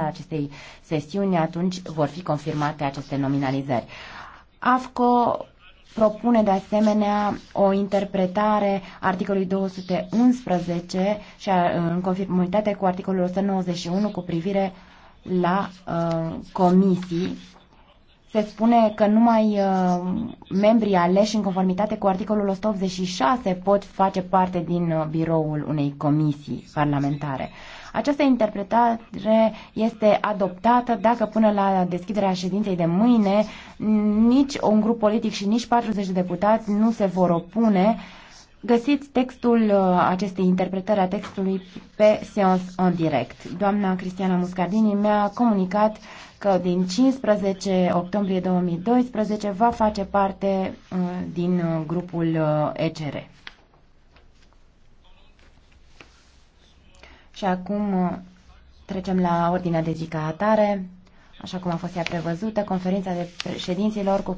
acestei sesiuni, atunci vor fi confirmate aceste nominalizări. AFCO propune de asemenea o interpretare articolului 211 și a, în conformitate cu articolul 191 cu privire la uh, comisii se spune că numai uh, membrii aleși în conformitate cu articolul 186 pot face parte din uh, biroul unei comisii parlamentare. Această interpretare este adoptată dacă până la deschiderea ședinței de mâine nici un grup politic și nici 40 de deputați nu se vor opune Găsiți textul uh, acestei interpretări a textului pe seans în direct. Doamna Cristiana Muscardini mi-a comunicat că din 15 octombrie 2012 va face parte uh, din uh, grupul ECR. Și acum trecem la ordinea de zi ca atare. Așa cum a fost ea prevăzută, conferința de președinților cu